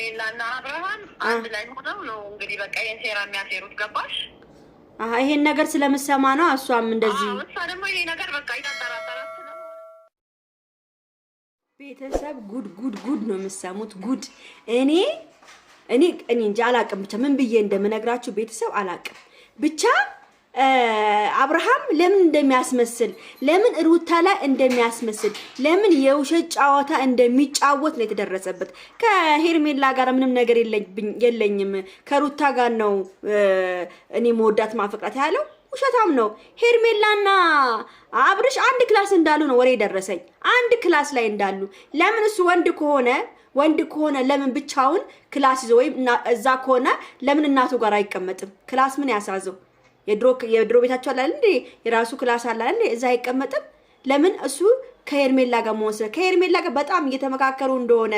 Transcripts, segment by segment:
ሄርሜላ እና አብርሃም አንድ ላይ ሆነው ነው እንግዲህ በቃ ይህን ሴራ የሚያሴሩት ገባሽ? አሀ ይሄን ነገር ስለምሰማ ነው። እሷም እንደዚህ እሷ ደግሞ ይሄ ነገር በቃ ይታጠራጠራት ቤተሰብ ጉድ ጉድ ጉድ ነው የምሰሙት። ጉድ እኔ እኔ እኔ እንጂ አላቅም ብቻ ምን ብዬ እንደምነግራችሁ ቤተሰብ አላቅም ብቻ አብርሃም ለምን እንደሚያስመስል ለምን ሩታ ላይ እንደሚያስመስል ለምን የውሸት ጨዋታ እንደሚጫወት ነው የተደረሰበት። ከሄርሜላ ጋር ምንም ነገር የለኝም ከሩታ ጋር ነው እኔ መወዳት ማፈቅራት ያለው ውሸታም ነው። ሄርሜላና አብርሽ አንድ ክላስ እንዳሉ ነው ወሬ ደረሰኝ። አንድ ክላስ ላይ እንዳሉ ለምን እሱ ወንድ ከሆነ ወንድ ከሆነ ለምን ብቻውን ክላስ ይዞ ወይም እዛ ከሆነ ለምን እናቱ ጋር አይቀመጥም? ክላስ ምን ያሳዘው? የድሮ ቤታቸው አላለ እንዴ? የራሱ ክላስ አለ እንዴ? እዛ አይቀመጥም። ለምን እሱ ከሄርሜላ ጋር መሆን ስለ ከሄርሜላ ጋር በጣም እየተመካከሩ እንደሆነ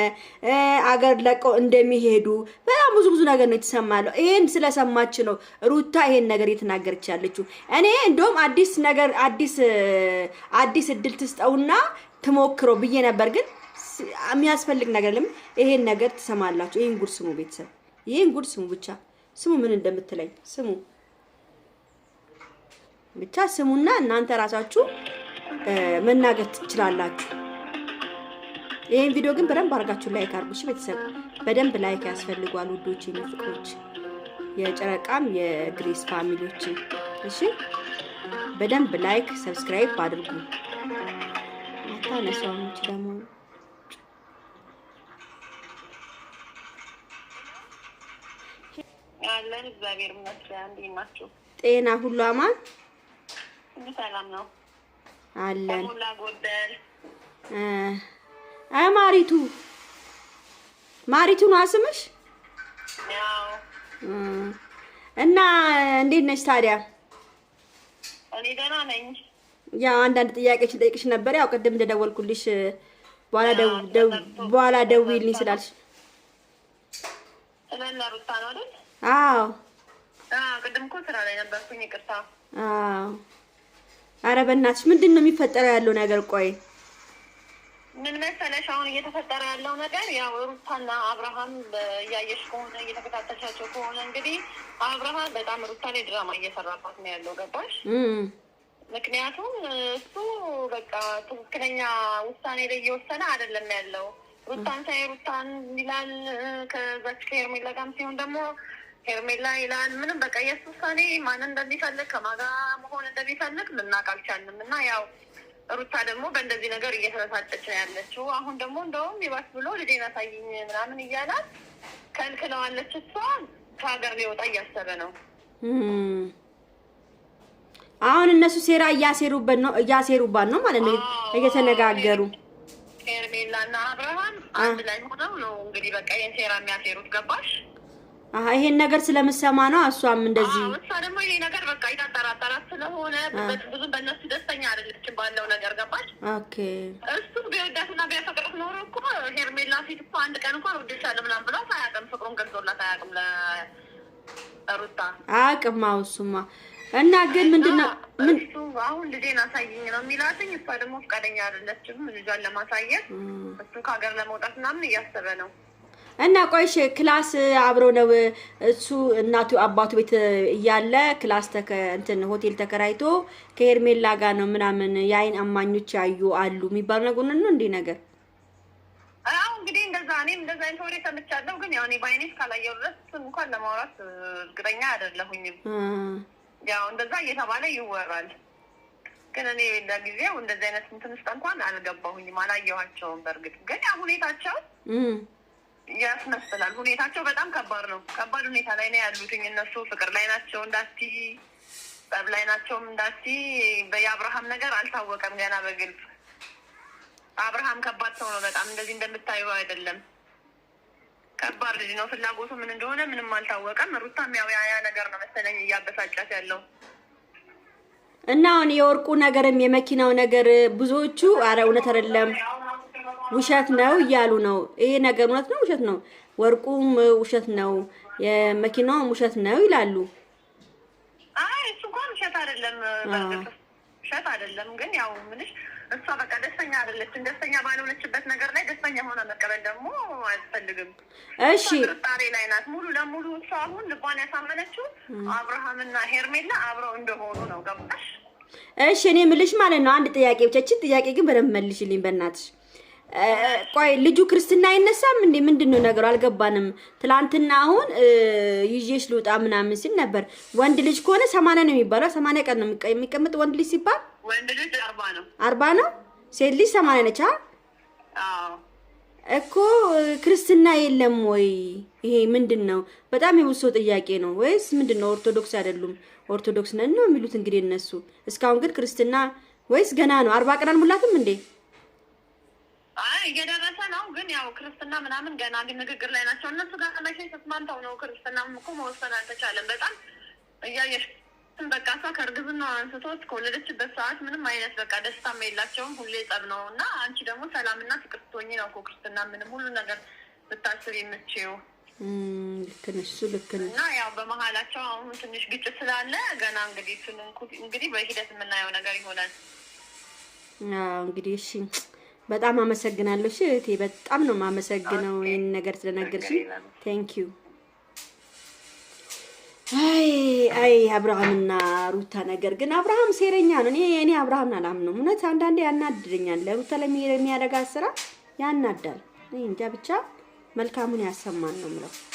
አገር ለቀው እንደሚሄዱ በጣም ብዙ ብዙ ነገር ነው የተሰማለው። ይሄን ስለሰማች ነው ሩታ ይሄን ነገር እየተናገረች ያለችው። እኔ እንደውም አዲስ ነገር አዲስ አዲስ እድል ትስጠውና ትሞክረው ብዬ ነበር፣ ግን የሚያስፈልግ ነገር ለምን ይሄን ነገር ትሰማላችሁ? ይሄን ጉድ ስሙ ቤተሰብ፣ ይሄን ጉድ ስሙ ብቻ ስሙ ምን እንደምትለኝ ስሙ። ብቻ ስሙና እናንተ ራሳችሁ መናገር ትችላላችሁ። ይህን ቪዲዮ ግን በደንብ አድርጋችሁ ላይክ አድርጉ። እሺ ቤተሰብ በደንብ ላይክ ያስፈልጓል ውዶች፣ የሚፍቅሮች የጨረቃም የግሬስ ፋሚሊዎች እሺ፣ በደንብ ላይክ ሰብስክራይብ አድርጉ። አታነሷች ደግሞ አለን እግዚአብሔር ይመስገን። እንዴት ናችሁ? ጤና ሁሉ አማን ነው አለን ማሪቱ ማሪቱ ነው ስምሽ? እና እንዴት ነሽ ታዲያ? እኔ ደህና ነኝ። ያው አንዳንድ ጥያቄዎችን ጠይቅሽ ነበር። ያው ቅድም እንደደወልኩልሽ በኋላ ደውዪልኝ ስላልሽ ነው አይደል? አዎ፣ ቅድም እኮ ስራ ላይ ነበርኩኝ። ይቅርታ። አዎ አረ በእናትሽ ምንድን ነው የሚፈጠረው ያለው ነገር? ቆይ ምን መሰለሽ፣ አሁን እየተፈጠረ ያለው ነገር ያው ሩታና አብርሃም እያየሽ ከሆነ እየተከታተልሻቸው ከሆነ እንግዲህ አብርሃም በጣም ሩታ ላይ ድራማ እየሰራባት ነው ያለው። ገባሽ? ምክንያቱም እሱ በቃ ትክክለኛ ውሳኔ ላይ እየወሰነ አይደለም ያለው። ሩታን ሳይ ሩታን ይላል። ከዛች ከኤርሜላ ጋርም ሲሆን ደግሞ ሄርሜላ ይላል ምንም በቃ የሱ ውሳኔ ማንን እንደሚፈልግ ከማጋ መሆን እንደሚፈልግ ልናቅ አልቻልንም። እና ያው ሩታ ደግሞ በእንደዚህ ነገር እየተበሳጨች ነው ያለችው። አሁን ደግሞ እንደውም ይባስ ብሎ ልጄን አሳይኝ ምናምን እያላት ከልክለዋለች። እሷ ከሀገር ሊወጣ እያሰበ ነው። አሁን እነሱ ሴራ እያሴሩበት ነው እያሴሩባት ነው ማለት ነው እየተነጋገሩ ሄርሜላ እና አብርሃም አንድ ላይ ሆነው ነው እንግዲህ በቃ ይህን ሴራ የሚያሴሩት ገባሽ? ይሄን ነገር ስለምሰማ ነው። እሷም እንደዚህ እሷ ደግሞ ይሄ ነገር በቃ የታጠራጠራት ስለሆነ ብዙ በእነሱ ደስተኛ አይደለችም ባለው ነገር ገባች። ኦኬ እሱ ቢወዳትና ቢያፈቅራት ኖሮ እኮ ሄርሜላ ፊት እኮ አንድ ቀን እንኳን እወድሻለሁ ምናምን ብሏት አያውቅም። ፍቅሩን ገልጾላት አያውቅም ለሩታ አያውቅም። አዎ እሱማ እና ግን ምንድን ነው አሁን ልጄን አሳይኝ ነው የሚላትኝ። እሷ ደግሞ ፈቃደኛ አይደለችም ልጇን ለማሳየት። እሱ ከሀገር ለመውጣት ምናምን እያሰበ ነው እና ቆይሽ ክላስ አብሮ ነው እሱ እናቱ አባቱ ቤት እያለ ክላስ ተከ እንትን ሆቴል ተከራይቶ ከሄርሜላ ጋር ነው ምናምን የአይን አማኞች ያዩ አሉ የሚባል ነገር ነው እንዴ ነገር አሁ እንግዲህ እንደዛ እኔም እንደዛ አይነት ወሬ ሰምቻለሁ። ግን ያው እኔ በአይኔ እስካላየሁ ድረስ እንኳን ለማውራት እርግጠኛ አይደለሁኝም። ያው እንደዛ እየተባለ ይወራል። ግን እኔ ለጊዜው እንደዚህ አይነት እንትን ውስጥ እንኳን አልገባሁኝም፣ አላየኋቸውም። በእርግጥ ግን ያ ሁኔታቸው ያስመስላል። ሁኔታቸው በጣም ከባድ ነው። ከባድ ሁኔታ ላይ ነው ያሉትኝ እነሱ ፍቅር ላይ ናቸው እንዳቲ ጠብ ላይ ናቸውም እንዳቲ የአብርሃም ነገር አልታወቀም ገና በግልጽ አብርሃም ከባድ ሰው ነው በጣም እንደዚህ እንደምታዩ አይደለም። ከባድ ልጅ ነው። ፍላጎቱ ምን እንደሆነ ምንም አልታወቀም። ሩታም ያው ያ ነገር ነው መሰለኝ እያበሳጫት ያለው እና አሁን የወርቁ ነገርም የመኪናው ነገር ብዙዎቹ አረ እውነት አይደለም ውሸት ነው እያሉ ነው። ይሄ ነገር እውነት ነው፣ ውሸት ነው፣ ወርቁም ውሸት ነው፣ የመኪናውም ውሸት ነው ይላሉ። አይ እሱ እንኳን ውሸት አይደለም፣ ውሸት አይደለም። ግን ያው ምንሽ እሷ በቃ ደስተኛ አይደለችም። ደስተኛ ባልሆነችበት ነገር ላይ ደስተኛ ሆነ መቀበል ደግሞ አያስፈልግም። እሺ ጥርጣሬ ላይ ናት ሙሉ ለሙሉ እሷ አሁን ልቧን ያሳመነችው አብርሃምና ሄርሜላ አብረው እንደሆኑ ነው። ገባሽ? እሺ እኔ ምልሽ ማለት ነው አንድ ጥያቄ ብቻችን ጥያቄ ግን በደንብ መልሽልኝ በእናትሽ ቆይ ልጁ ክርስትና አይነሳም እንዴ? ምንድን ነው ነገሩ? አልገባንም። ትላንትና አሁን ይዤሽ ልውጣ ምናምን ሲል ነበር። ወንድ ልጅ ከሆነ ሰማንያ ነው የሚባለው። ሰማንያ ቀን ነው የሚቀመጥ ወንድ ልጅ ሲባል ወንድ ልጅ አርባ ነው አርባ ነው። ሴት ልጅ ሰማንያ ነች እኮ። ክርስትና የለም ወይ? ይሄ ምንድን ነው? በጣም የብዙ ጥያቄ ነው። ወይስ ምንድን ነው? ኦርቶዶክስ አይደሉም ኦርቶዶክስ ነን ነው የሚሉት እንግዲህ እነሱ። እስካሁን ግን ክርስትና ወይስ ገና ነው? አርባ ቀን አልሙላትም እንዴ? አይ እየደረሰ ነው። ግን ያው ክርስትና ምናምን ገና ንግግር ላይ ናቸው እነሱ ጋር መቼ ተስማምተው ነው። ክርስትና እኮ መወሰን አልተቻለም። በጣም እያየሽ በቃ እሷ ከእርግዝና አንስቶ ከወለደችበት ሰዓት ምንም አይነት በቃ ደስታም የላቸውም። ሁሌ ጸብ ነው እና አንቺ ደግሞ ሰላምና ፍቅር ስትሆኚ ነው እኮ ክርስትና ምንም ሁሉ ነገር ብታስብ የምችው ልክ ነሽ። እሱ ልክ ነሽ። እና ያው በመሀላቸው አሁን ትንሽ ግጭት ስላለ ገና እንግዲህ እንግዲህ በሂደት የምናየው ነገር ይሆናል እንግዲህ እሺ በጣም አመሰግናለሁ። እሺ እህቴ፣ በጣም ነው የማመሰግነው ይህን ነገር ስለነገርሽኝ። ቴንክ ዩ። አይ አይ አብርሃምና ሩታ ነገር ግን አብርሃም ሴረኛ ነው። እኔ እኔ አብርሃምን አላምነውም። እውነት አንዳንዴ ያናድደኛል። ለሩታ ለሚያደርጋት ስራ ያናዳል። እንጃ ብቻ መልካሙን ያሰማን ነው የምለው።